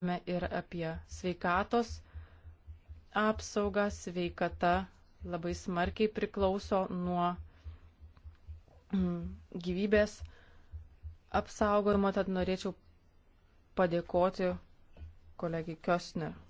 kalbame ir apie sveikatos apsaugą. Sveikata labai smarkiai priklauso nuo mm, gyvybės apsaugojimo, tad norėčiau padėkoti kolegiai Kiosner